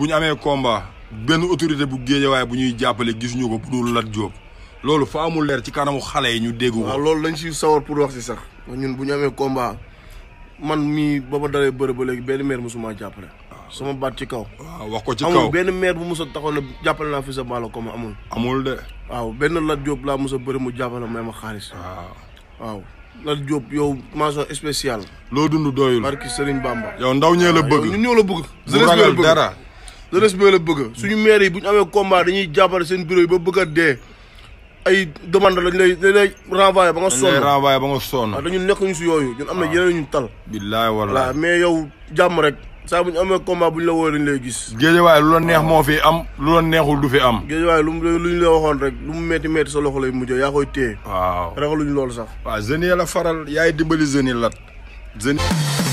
बुझाने कॉम benn autorité bu waaye bu ñuy jàppalee gis ñu ko pour Lat Diop loolu fa amul leer ci kanamu xale yi ñu dégg ko. waaw loolu lañ si sawar pour wax si sax ñun bu ñu amee combat man mii ba ma dalee bërëb ba léegi benn maire mosuma jàppale. sama baat ci kaw. waaw wax ko ci kaw benn maire bu mos a taxaw ne jàppale naa fi sa baalo comme amul. amul de. waaw benn Lat Diop laa mos a bëri mu jàppale may ma xaalis. waaw waaw. Lat yow mention spéciale. loo dund doyul. barki Serigne Bamba. yow ndaw ñee la bëgg. ñun ñoo la bëgg. bu ragal jeunesse bi la bëgg suñu maire yi bu ñu amee combat dañuy jàppale seen bureau yi ba bëgg a dee ay demande lañ lay dañ lay renvoyé ba nga sonn dañ ba nga sonn dañu nekk ñu si yooyu ñun am na ah. yeneen ñu tal billaay wala mais yow jàmm rek saa bu ñu amee combat bu ñu la wooyee dañ lay gis géejawaay lu la neex moo fi am lu la neexul du fi am géejawaay lu lu ñu la waxoon rek lu mu metti metti sa loxo lay mujjee yaa koy téye waaw rek luñu loolu sax waaw jeunes yi la faral yaay dimbali jeunes yi lat jeunes